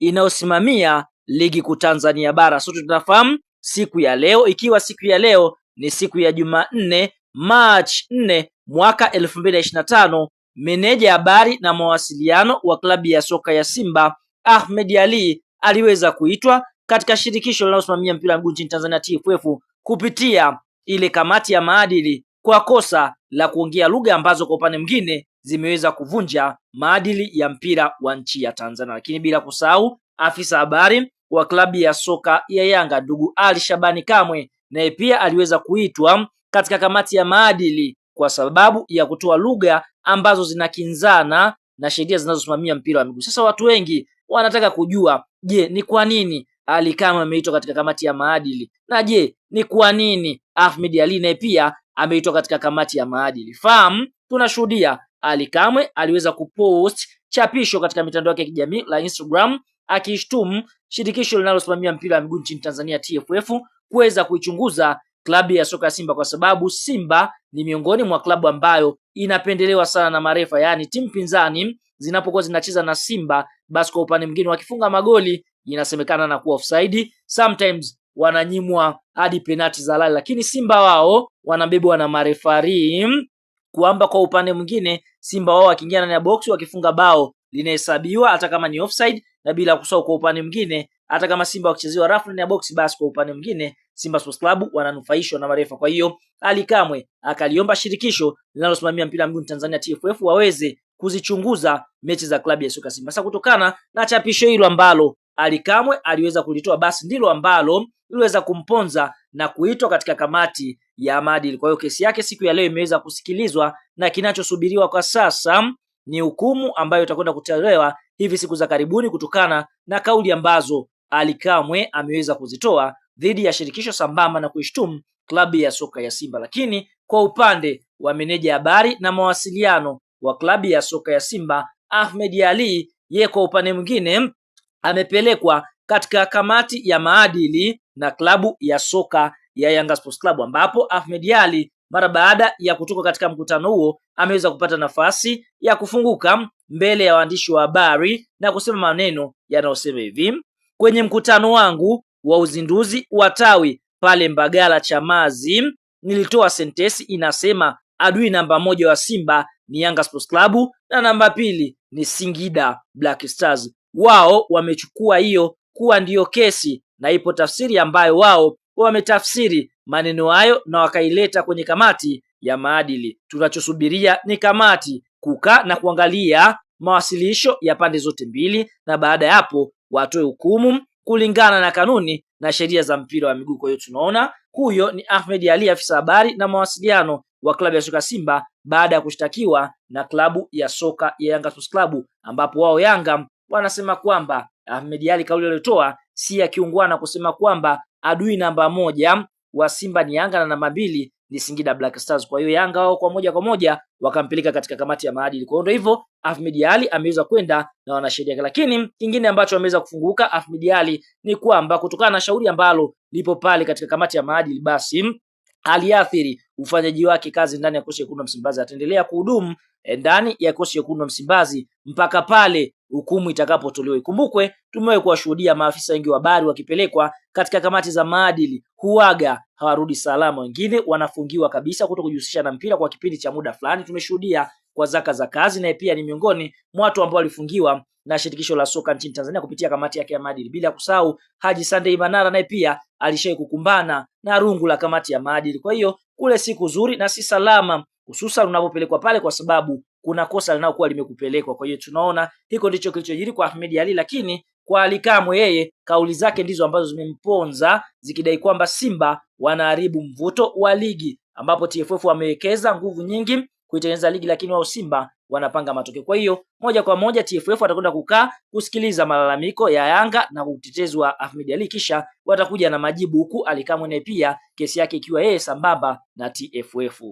inayosimamia ligi kuu Tanzania bara. Sote tunafahamu siku ya leo, ikiwa siku ya leo ni siku ya Jumanne March 4 mwaka 2025, meneja ya habari na mawasiliano wa klabu ya soka ya Simba Ahmed Ali aliweza kuitwa katika shirikisho linalosimamia mpira wa miguu nchini Tanzania TFF kupitia ile kamati ya maadili kwa kosa la kuongea lugha ambazo kwa upande mwingine zimeweza kuvunja maadili ya mpira wa nchi ya Tanzania. Lakini bila kusahau afisa habari wa klabu ya soka ya Yanga ndugu Ali Shabani Kamwe naye pia aliweza kuitwa katika kamati ya maadili kwa sababu ya kutoa lugha ambazo zinakinzana na sheria zinazosimamia mpira wa miguu. Sasa watu wengi wanataka kujua, je, ni kwa nini Ali Kamwe ameitwa katika kamati ya maadili na je, ni kwa nini Ahmed Ally naye pia ameitwa katika kamati ya maadili? Fahamu tunashuhudia Ali Kamwe aliweza kupost chapisho katika mitandao yake ya kijamii la Instagram akishtumu shirikisho linalosimamia mpira wa miguu nchini Tanzania TFF kuweza kuichunguza klabu ya soka ya Simba kwa sababu Simba ni miongoni mwa klabu ambayo inapendelewa sana na marefa, yaani timu pinzani zinapokuwa zinacheza na Simba, basi kwa upande mwingine wakifunga magoli inasemekana na kuwa offside, sometimes wananyimwa hadi penati za halali, lakini Simba wao wanabebwa na marefari kwamba kwa upande mwingine Simba wao wakiingia ndani ya box wakifunga bao linahesabiwa hata kama ni offside, na bila kusahau kwa upande mwingine hata kama Simba wakichezewa rafu ndani ya box, basi kwa upande mwingine Simba Sports Club wananufaishwa na marefa. Kwa hiyo Ali Kamwe akaliomba shirikisho linalosimamia mpira mguu Tanzania TFF waweze kuzichunguza mechi za klabu ya soka Simba. Sasa kutokana na chapisho hilo ambalo Ali Kamwe aliweza kulitoa, basi ndilo ambalo iliweza kumponza na kuitwa katika kamati ya maadili. Kwa hiyo kesi yake siku ya leo imeweza kusikilizwa na kinachosubiriwa kwa sasa ni hukumu ambayo itakwenda kutolewa hivi siku za karibuni kutokana na kauli ambazo Ali Kamwe ameweza kuzitoa dhidi ya shirikisho sambamba na kuishtumu klabu ya soka ya Simba. Lakini kwa upande wa meneja habari na mawasiliano wa klabu ya soka ya Simba Ahmed Ali, ye kwa upande mwingine amepelekwa katika kamati ya maadili na klabu ya soka ya Yanga Sports Club ambapo Ahmed Ally mara baada ya kutoka katika mkutano huo ameweza kupata nafasi ya kufunguka mbele ya waandishi wa habari na kusema maneno yanayosema hivi: kwenye mkutano wangu wa uzinduzi wa tawi pale Mbagala Chamazi, nilitoa sentesi inasema adui namba moja wa Simba ni Yanga Sports Club na namba pili ni Singida Black Stars. Wao wamechukua hiyo kuwa ndiyo kesi na ipo tafsiri ambayo wao wametafsiri maneno hayo na wakaileta kwenye kamati ya maadili. Tunachosubiria ni kamati kukaa na kuangalia mawasilisho ya pande zote mbili, na baada ya hapo watoe hukumu kulingana na kanuni na sheria za mpira wa miguu. Kwa hiyo tunaona huyo ni Ahmed ali afisa habari na mawasiliano wa klabu ya soka Simba baada ya kushtakiwa na klabu ya soka ya Yanga Sports Club, ambapo wao Yanga wanasema kwamba Ahmed ali kauli aliyotoa si ya kiungwana, kusema kwamba adui namba moja wa Simba ni Yanga na namba mbili ni Singida Black Stars. Kwa hiyo Yanga wao kwa moja kwa moja wakampeleka katika kamati ya maadili. Kwa hiyo hivyo, Ahmed Ali ameweza kwenda na wanasheria, lakini kingine ambacho ameweza kufunguka Ahmed Ali ni kwamba kutokana na shauri ambalo lipo pale katika kamati ya maadili, basi aliathiri ufanyaji wake kazi ndani ya kikosi chekundu wa Msimbazi. Ataendelea kuhudumu eh, ndani ya kikosi chekundu wa Msimbazi mpaka pale hukumu itakapotolewa. Ikumbukwe, tumewahi kuwashuhudia maafisa wengi wa habari wakipelekwa katika kamati za maadili, huaga hawarudi salama, wengine wanafungiwa kabisa kuto kujihusisha na mpira kwa kipindi cha muda fulani. Tumeshuhudia kwa Zaka za kazi, naye pia ni miongoni mwa watu ambao walifungiwa na shirikisho la soka nchini Tanzania kupitia kamati yake ya maadili, bila kusahau Haji Sunday Manara, naye pia alishawahi kukumbana na rungu la kamati ya maadili. Kwa hiyo kule si kuzuri na si salama, hususan unapopelekwa pale, kwa sababu kuna kosa linalokuwa limekupelekwa. Kwa hiyo tunaona hiko ndicho kilichojiri kwa Ahmed Ally, lakini kwa Ally Kamwe yeye kauli zake ndizo ambazo zimemponza zikidai kwamba Simba wanaharibu mvuto wa ligi, ambapo TFF wamewekeza nguvu nyingi kuitengeneza ligi, lakini wao Simba wanapanga matokeo. Kwa hiyo moja kwa moja TFF watakwenda kukaa kusikiliza malalamiko ya Yanga na utetezi wa Ahmed Ally, kisha watakuja na majibu, huku Ally Kamwe naye pia kesi yake ikiwa yeye sambamba na TFF.